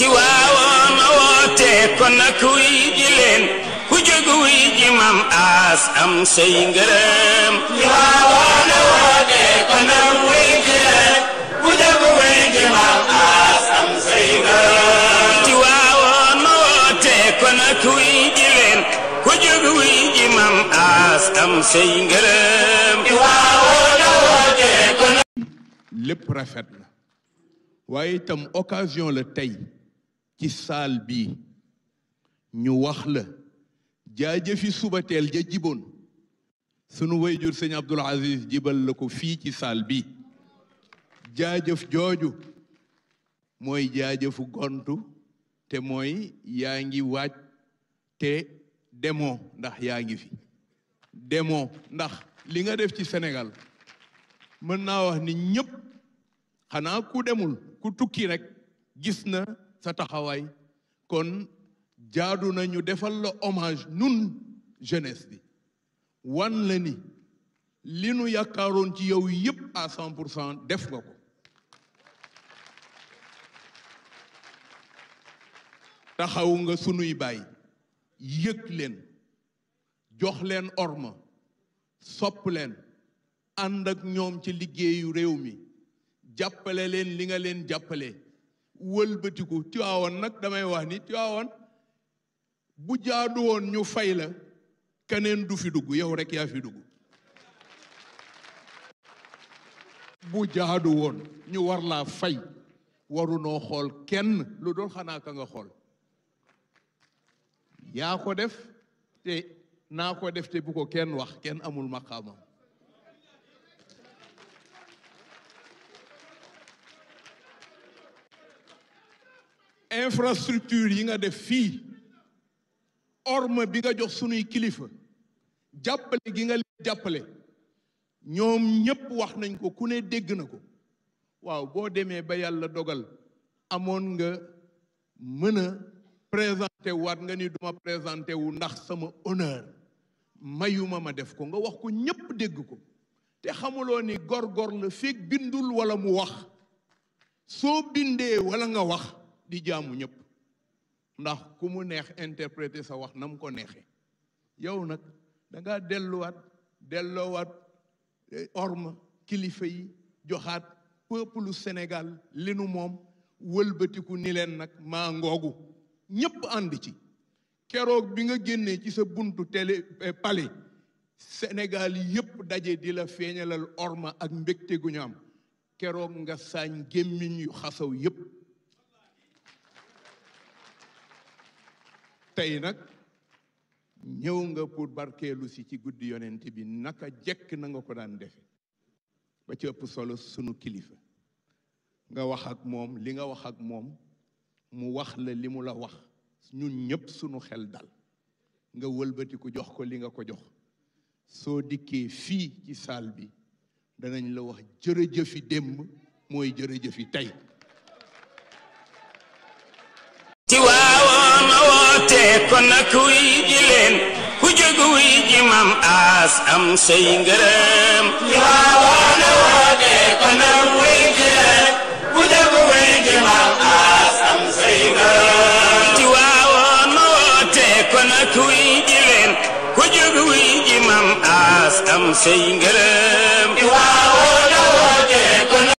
ci waawoon a woote kon nag wuy ji leen ku jóg wuy ji mam aas am say ngërëm ci waawoon a woote kon nag wuy ji leen ku jóg wuy ji mam aas am say ngërëm ci waawoon a woote kon nag wuy ji leen ku jóg wuy ji mam aas am say ngërëm ci waawoon a woote kon lépp rafet na waaye itam occasion la tey ci saal bi ñu wax la jaajëfi subateel ja jiboon sunu wayjur sëñ Abdul Aziz jibal la ko fii ci saal bi jaajëf jooju mooy jaajëfu gontu te mooy yaa ngi waaj te demoo ndax yaa ngi fi demoo ndax li nga def ci Sénégal mën naa wax ni ñëpp xanaa ku demul ku tukki rek gis na sa taxawaay kon jaadu nañu defal la hommage nun jeunesse bi wan la ni li nu yaakaaroon ci yow yépp à cent pour cent def nga ko taxaw nga sunuy baay yëg leen jox leen orma sopp leen ànd ak ñoom ci liggéeyu réew mi jàppale leen li nga leen jàppale wëlbatiku Tiwaawoon nag damay wax ni Tiwaawoon bu jaadu woon ñu fay la keneen du fi dugg yow rek yaa fi dugg bu jaadu woon ñu war laa fay warunoo xool kenn lu doon xanaa ka nga xool yaa ko def te naa ko def te bu ko kenn wax kenn amul maqaamam infrastructure yi nga def fii orme bi nga jox sunuy kilifa jàppale gi nga leen jàppale ñoom ñépp wax nañ ko ku ne dégg na ko waaw boo demee ba yàlla dogal amoon nga mën a présenté waat nga ni duma présenté wu ndax sama honneur mayuma ma def ko nga wax ko ñépp dégg ko te xamuloo ni góor-góor la fekk bindul walla mu wax soo bindee walla nga wax di jaamu nyep, ndax ku mu neex interpréter sa wax nam ko neexe yow nag da ngaa delluwaat delloowaat eh, orme kilifa yi joxaat peuple Sénégal li nu moom wëlbatiku ni leen nag maa ngoogu ñëpp ànd ci keroog bi nga génnee ci sa buntu télé eh, Sénégal yépp daje di la feeñalal orma ak mbégte gu ñu am keroog nga sañ gémmiñ yu xasaw yépp tey nag ñëw nga pour barkeelu si ci guddi yonent bi naka jekk na nga ko daan defe ba ci ëpp solo sunu kilifa nga wax ak moom li nga wax ak moom mu wax la li mu la wax ñun ñëpp sunu xel dal nga wëlbatiku jox ko li nga ko jox soo dikkee fii ci saal bi danañ la wax jërëjëfi démb mooy jërëjëfi tey kon nag wuy ji leen ku jóg wuy ji aas am say ngërëm Tiwaawan woote kon nag wuy ku jóg wuy ji aas am say ngërëm